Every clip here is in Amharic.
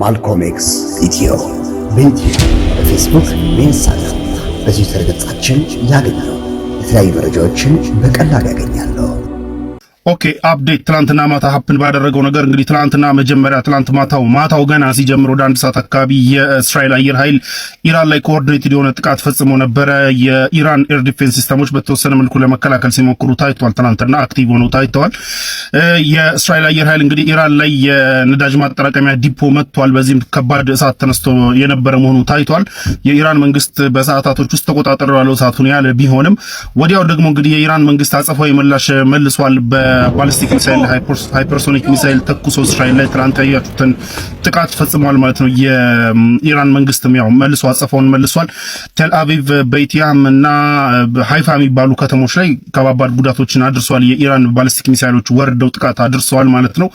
ማልኮም ኤክስ ኢትዮ በኢትዮ በፌስቡክ በኢንስታግራም በትዊተር ገጻችን ያገኛሉ። የተለያዩ መረጃዎችን በቀላሉ ያገኛሉ። ኦኬ አፕዴት ትላንትና ማታ ሀፕን ባደረገው ነገር እንግዲህ ትላንትና መጀመሪያ ትላንት ማታው ማታው ገና ሲጀምር ወደ አንድ ሰዓት አካባቢ የእስራኤል አየር ኃይል ኢራን ላይ ኮኦርዲኔትድ የሆነ ጥቃት ፈጽሞ ነበረ። የኢራን ኤር ዲፌንስ ሲስተሞች በተወሰነ መልኩ ለመከላከል ሲሞክሩ ታይቷል። ትላንትና አክቲቭ ሆኖ ታይተዋል። የእስራኤል አየር ኃይል እንግዲህ ኢራን ላይ የነዳጅ ማጠራቀሚያ ዲፖ መጥቷል። በዚህም ከባድ እሳት ተነስቶ የነበረ መሆኑ ታይቷል። የኢራን መንግስት በሰዓታቶች ውስጥ ተቆጣጠረ ያለው እሳቱን ያለ ቢሆንም ወዲያው ደግሞ እንግዲህ የኢራን መንግስት አጸፋዊ ምላሽ መልሷል። ባሊስቲክ ሚሳይል ሃይፐርሶኒክ ሚሳይል ተኩሶ እስራኤል ላይ ትናንት ያያችሁትን ጥቃት ፈጽመዋል ማለት ነው። የኢራን መንግስትም ያው መልሶ አጸፋውን መልሷል። ቴልአቪቭ፣ በኢትያም እና ሃይፋ የሚባሉ ከተሞች ላይ ከባባድ ጉዳቶችን አድርሰዋል። የኢራን ባሊስቲክ ሚሳይሎች ወርደው ጥቃት አድርሰዋል ማለት ነው።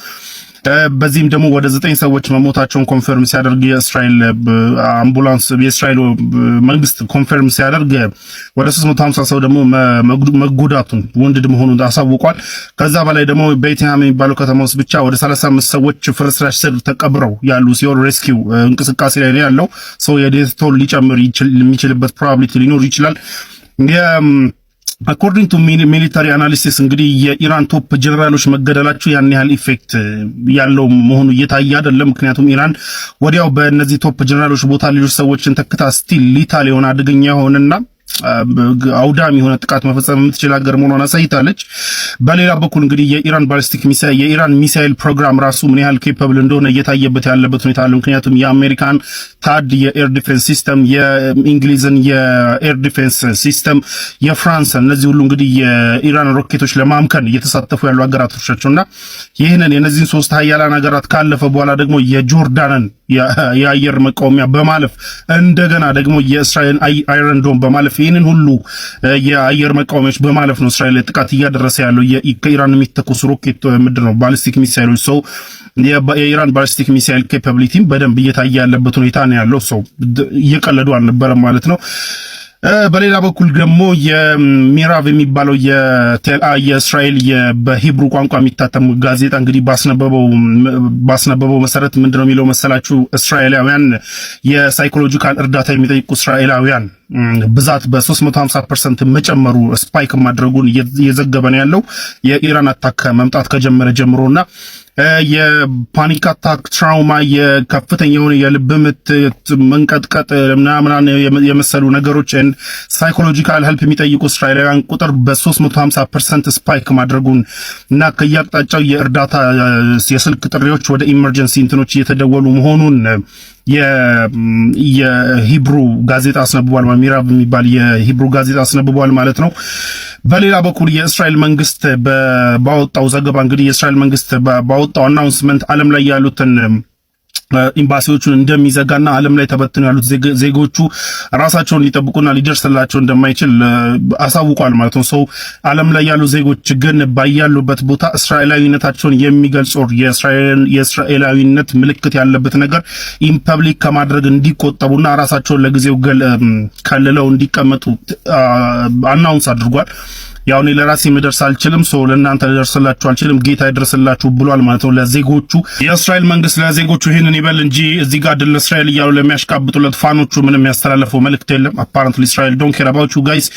በዚህም ደግሞ ወደ ዘጠኝ ሰዎች መሞታቸውን ኮንፈርም ሲያደርግ የእስራኤል አምቡላንስ የእስራኤል መንግስት ኮንፈርም ሲያደርግ ወደ 350 ሰው ደግሞ መጎዳቱን ወንድድ መሆኑን አሳውቋል። ከዛ በላይ ደግሞ ቤትሃም የሚባለው ከተማ ውስጥ ብቻ ወደ 35 ሰዎች ፍርስራሽ ስር ተቀብረው ያሉ ሲሆን ሬስኪው እንቅስቃሴ ላይ ያለው። ሰው የዴት ቶል ሊጨምር የሚችልበት ፕሮባብሊቲ ሊኖር ይችላል። አኮርዲንግ ቱ ሚሊታሪ አናሊሲስ እንግዲህ የኢራን ቶፕ ጀነራሎች መገደላቸው ያን ያህል ኢፌክት ያለው መሆኑ እየታየ አይደለም። ምክንያቱም ኢራን ወዲያው በእነዚህ ቶፕ ጀነራሎች ቦታ ሌሎች ሰዎችን ተክታ ስቲል ሊታል የሆነ አደገኛ የሆነና አውዳሚ የሆነ ጥቃት መፈጸም የምትችል ሀገር መሆኗን አሳይታለች። በሌላ በኩል እንግዲህ የኢራን ባሊስቲክ ሚሳይል የኢራን ሚሳይል ፕሮግራም ራሱ ምን ያህል ኬፐብል እንደሆነ እየታየበት ያለበት ሁኔታ አለ። ምክንያቱም የአሜሪካን ታድ የኤር ዲፌንስ ሲስተም፣ የእንግሊዝን የኤር ዲፌንስ ሲስተም፣ የፍራንስን እነዚህ ሁሉ እንግዲህ የኢራን ሮኬቶች ለማምከን እየተሳተፉ ያሉ ሀገራቶች እና ይህንን የነዚህን ሶስት ሀያላን ሀገራት ካለፈ በኋላ ደግሞ የጆርዳንን የአየር መቃወሚያ በማለፍ እንደገና ደግሞ የእስራኤል አይረንዶም በማለፍ ይህንን ሁሉ የአየር መቃወሚያዎች በማለፍ ነው እስራኤል ላይ ጥቃት እያደረሰ ያለው። ከኢራን የሚተኮሱ ሮኬት ምድር ነው ባሊስቲክ ሚሳይሎች ሰው የኢራን ባሊስቲክ ሚሳይል ኬፓብሊቲም በደንብ እየታየ ያለበት ሁኔታ ነው ያለው። ሰው እየቀለዱ አልነበረም ማለት ነው። በሌላ በኩል ደግሞ የሚራቭ የሚባለው የእስራኤል በሂብሩ ቋንቋ የሚታተም ጋዜጣ እንግዲህ ባስነበበው መሰረት ምንድን ነው የሚለው መሰላችሁ እስራኤላውያን የሳይኮሎጂካል እርዳታ የሚጠይቁ እስራኤላውያን ብዛት በ350 ፐርሰንት መጨመሩ ስፓይክ ማድረጉን እየዘገበ ነው ያለው የኢራን አታክ መምጣት ከጀመረ ጀምሮና የፓኒክ አታክ ትራውማ፣ የከፍተኛ የሆነ የልብ ምት፣ መንቀጥቀጥ ምናምን የመሰሉ ነገሮች ሳይኮሎጂካል ሄልፕ የሚጠይቁ እስራኤላውያን ቁጥር በ350 ፐርሰንት ስፓይክ ማድረጉን እና ከየአቅጣጫው የእርዳታ የስልክ ጥሪዎች ወደ ኢመርጀንሲ እንትኖች እየተደወሉ መሆኑን የሂብሩ ጋዜጣ አስነብቧል። ሚራብ የሚባል የሂብሩ ጋዜጣ አስነብቧል ማለት ነው። በሌላ በኩል የእስራኤል መንግስት ባወጣው ዘገባ እንግዲህ የእስራኤል መንግስት ባወጣው አናውንስመንት ዓለም ላይ ያሉትን ኤምባሲዎቹን እንደሚዘጋና ዓለም ላይ ተበትነው ያሉት ዜጎቹ ራሳቸውን ሊጠብቁና ሊደርስላቸው እንደማይችል አሳውቋል ማለት ነው። ሰው ዓለም ላይ ያሉ ዜጎች ግን ባያሉበት ቦታ እስራኤላዊነታቸውን የሚገልጽ ር የእስራኤላዊነት ምልክት ያለበት ነገር ኢምፐብሊክ ከማድረግ እንዲቆጠቡና ራሳቸውን ለጊዜው ከልለው እንዲቀመጡ አናውንስ አድርጓል። ያው እኔ ለራሴ መድረስ አልችልም፣ ሰው ለእናንተ ልደርስላችሁ አልችልም፣ ጌታ ይደርስላችሁ ብሏል ማለት ነው ለዜጎቹ። የእስራኤል መንግስት ለዜጎቹ ይህንን ይበል እንጂ እዚህ ጋር ድል እስራኤል እያሉ ለሚያሽቃብጡለት ፋኖቹ ምንም ያስተላለፈው መልእክት የለም። አፓረንትሊ እስራኤል ዶንት ኬር አባውት ዩ ጋይስ።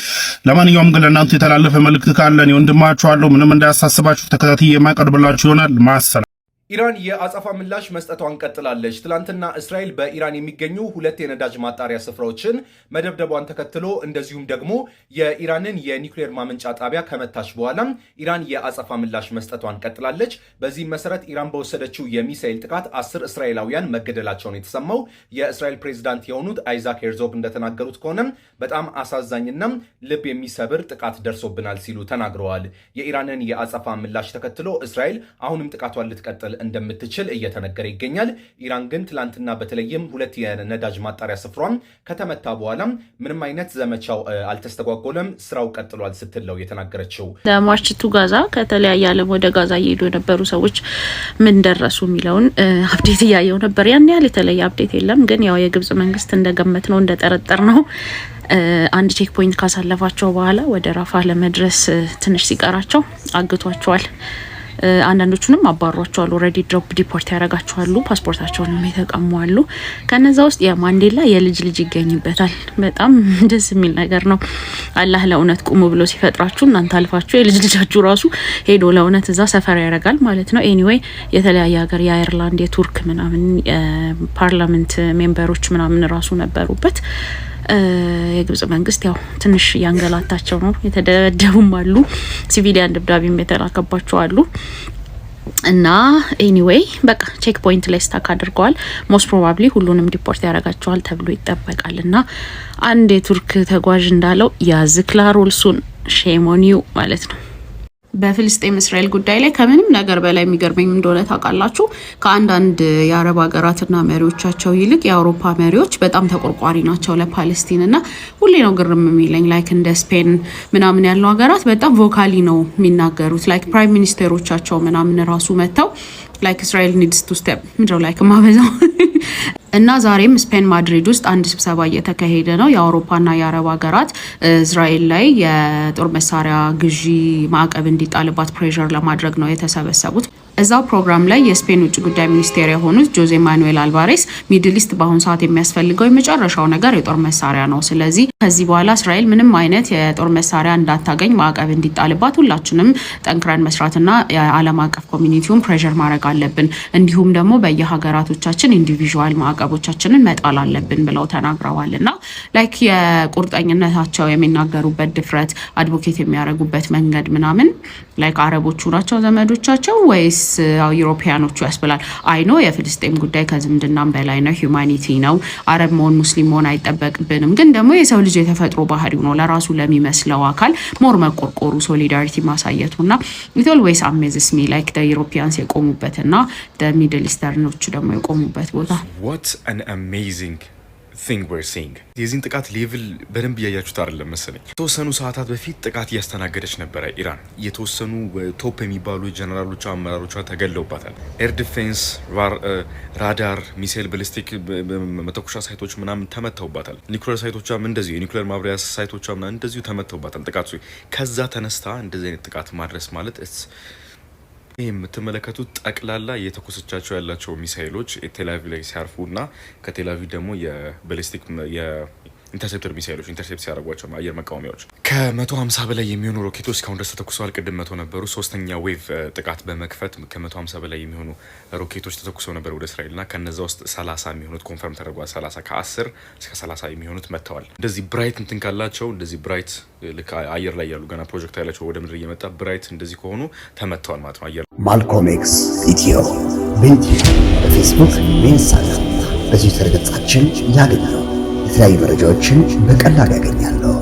ለማንኛውም ግን ለእናንተ የተላለፈ መልእክት ካለ እኔ ወንድማችኋለሁ፣ ምንም እንዳያሳስባችሁ ተከታትዬ የማቀርብላችሁ ይሆናል። ማሰላ ኢራን የአጸፋ ምላሽ መስጠቷን ቀጥላለች። ትላንትና እስራኤል በኢራን የሚገኙ ሁለት የነዳጅ ማጣሪያ ስፍራዎችን መደብደቧን ተከትሎ እንደዚሁም ደግሞ የኢራንን የኒውክሌር ማመንጫ ጣቢያ ከመታች በኋላ ኢራን የአጸፋ ምላሽ መስጠቷን ቀጥላለች። በዚህም መሰረት ኢራን በወሰደችው የሚሳኤል ጥቃት አስር እስራኤላውያን መገደላቸውን የተሰማው የእስራኤል ፕሬዚዳንት የሆኑት አይዛክ ሄርዞግ እንደተናገሩት ከሆነ በጣም አሳዛኝና ልብ የሚሰብር ጥቃት ደርሶብናል ሲሉ ተናግረዋል። የኢራንን የአጸፋ ምላሽ ተከትሎ እስራኤል አሁንም ጥቃቷን ልትቀጥል እንደምትችል እየተነገረ ይገኛል። ኢራን ግን ትላንትና በተለይም ሁለት የነዳጅ ማጣሪያ ስፍሯን ከተመታ በኋላ ምንም አይነት ዘመቻው አልተስተጓጎለም፣ ስራው ቀጥሏል ስትል ነው የተናገረችው። ለማርችቱ ጋዛ ከተለያየ ዓለም ወደ ጋዛ እየሄዱ የነበሩ ሰዎች ምን ደረሱ የሚለውን አብዴት እያየው ነበር። ያን ያህል የተለየ አብዴት የለም። ግን ያው የግብጽ መንግስት እንደገመት ነው እንደጠረጠር ነው አንድ ቼክ ፖይንት ካሳለፋቸው በኋላ ወደ ራፋ ለመድረስ ትንሽ ሲቀራቸው አግቷቸዋል። አንዳንዶቹንም አባሯቸዋል። ኦልሬዲ ድሮፕ ዲፖርት ያደረጋቸዋሉ። ፓስፖርታቸውንም አሉ። ከነዛ ውስጥ የማንዴላ የልጅ ልጅ ይገኝበታል። በጣም ደስ የሚል ነገር ነው። አላህ ለእውነት ቁሙ ብሎ ሲፈጥራችሁ እናንተ አልፋችሁ የልጅ ልጃችሁ ራሱ ሄዶ ለእውነት እዛ ሰፈር ያደርጋል ማለት ነው። ኤኒዌይ የተለያየ ሀገር የአይርላንድ የቱርክ ምናምን ፓርላመንት ሜምበሮች ምናምን ራሱ ነበሩበት። የግብጽ መንግስት ያው ትንሽ እያንገላታቸው ነው። የተደበደቡም አሉ፣ ሲቪሊያን ደብዳቤም የተላከባቸው አሉ። እና ኤኒዌይ በቃ ቼክ ፖይንት ላይ ስታክ አድርገዋል። ሞስት ፕሮባብሊ ሁሉንም ዲፖርት ያደርጋቸዋል ተብሎ ይጠበቃል። እና አንድ የቱርክ ተጓዥ እንዳለው ያዝ ክላሮልሱን ሼሞኒው ማለት ነው በፍልስጤም እስራኤል ጉዳይ ላይ ከምንም ነገር በላይ የሚገርመኝ እንደሆነ ታውቃላችሁ፣ ከአንዳንድ የአረብ ሀገራትና መሪዎቻቸው ይልቅ የአውሮፓ መሪዎች በጣም ተቆርቋሪ ናቸው ለፓለስቲን እና ሁሌ ነው ግርም የሚለኝ ላይክ እንደ ስፔን ምናምን ያሉ ሀገራት በጣም ቮካሊ ነው የሚናገሩት። ላይክ ፕራይም ሚኒስቴሮቻቸው ምናምን ራሱ መጥተው ላይክ እስራኤል ኒድስ ቱ ስቴፕ ምድረው ላይክ ማበዛው እና ዛሬም ስፔን ማድሪድ ውስጥ አንድ ስብሰባ እየተካሄደ ነው። የአውሮፓና የአረብ ሀገራት እስራኤል ላይ የጦር መሳሪያ ግዢ ማዕቀብ እንዲጣልባት ፕሬር ለማድረግ ነው የተሰበሰቡት። እዛው ፕሮግራም ላይ የስፔን ውጭ ጉዳይ ሚኒስቴር የሆኑት ጆዜ ማኑኤል አልቫሬስ ሚድል ኢስት በአሁኑ ሰዓት የሚያስፈልገው የመጨረሻው ነገር የጦር መሳሪያ ነው። ስለዚህ ከዚህ በኋላ እስራኤል ምንም አይነት የጦር መሳሪያ እንዳታገኝ ማዕቀብ እንዲጣልባት ሁላችንም ጠንክረን መስራትና የዓለም አቀፍ ኮሚኒቲውን ፕሬር ማድረግ አለብን። እንዲሁም ደግሞ በየሀገራቶቻችን ኢንዲቪዥዋል ማዕቀቦቻችንን መጣል አለብን ብለው ተናግረዋል እና ላይክ የቁርጠኝነታቸው የሚናገሩበት ድፍረት አድቮኬት የሚያደርጉበት መንገድ ምናምን ላይክ አረቦቹ ናቸው ዘመዶቻቸው ወይስ ዩሮፒያኖቹ ያስብላል። አይኖ የፍልስጤም ጉዳይ ከዝምድናም በላይ ነው፣ ሂውማኒቲ ነው። አረብ መሆን ሙስሊም መሆን አይጠበቅብንም። ግን ደግሞ የሰው ልጅ የተፈጥሮ ባህሪው ነው ለራሱ ለሚመስለው አካል ሞር መቆርቆሩ፣ ሶሊዳሪቲ ማሳየቱ ና ኢትልዌይስ አሜዝስ ሚ ላይክ ዩሮፒያንስ የቆሙበት ና ሚድል ኢስተርኖቹ ደግሞ የቆሙበት ቦታ ቲንግ ዌር ሲንግ የዚህን ጥቃት ሌቭል በደንብ እያያችሁት አይደለም መሰለኝ። የተወሰኑ ሰዓታት በፊት ጥቃት እያስተናገደች ነበረ ኢራን። የተወሰኑ ቶፕ የሚባሉ ጀነራሎቿ፣ አመራሮቿ ተገለውባታል። ኤር ዲፌንስ፣ ራዳር፣ ሚሳይል፣ ባሊስቲክ መተኮሻ ሳይቶች ምናምን ተመተውባታል። ኒኩሌር ሳይቶቿም እንደዚሁ የኒኩሌር ማብሪያ ሳይቶቿ ምናምን እንደዚሁ ተመተውባታል። ጥቃት ከዛ ተነስታ እንደዚህ አይነት ጥቃት ማድረስ ማለት ይህ የምትመለከቱት ጠቅላላ እየተኮሰቻቸው ያላቸው ሚሳይሎች ቴላቪ ላይ ሲያርፉ እና ከቴላቪ ደግሞ የባሊስቲክ ኢንተርሴፕተር ሚሳይሎች ኢንተርሴፕት ሲያደርጓቸው አየር መቃወሚያዎች ከ150 በላይ የሚሆኑ ሮኬቶች እስካሁን ደስ ተተኩሰዋል። ቅድም መቶ ነበሩ። ሶስተኛ ዌቭ ጥቃት በመክፈት ከ150 በላይ የሚሆኑ ሮኬቶች ተተኩሰው ነበር ወደ እስራኤል እና ከነዛ ውስጥ 30 የሚሆኑት ኮንፈርም ተደርጓል። 30 ከ10 እስከ 30 የሚሆኑት መጥተዋል። እንደዚህ ብራይት እንትን ካላቸው እንደዚህ ብራይት ልክ አየር ላይ ያሉ ገና ፕሮጀክት ያላቸው ወደ ምድር እየመጣ ብራይት እንደዚህ ከሆኑ ተመጥተዋል ማለት ነው። አየር ማልኮም ኤክስ ኢትዮ በኢትዮ በፌስቡክ በኢንስታግራም በትዊተር ገጻችን ያገኘው የተለያዩ መረጃዎችን በቀላሉ ያገኛለሁ።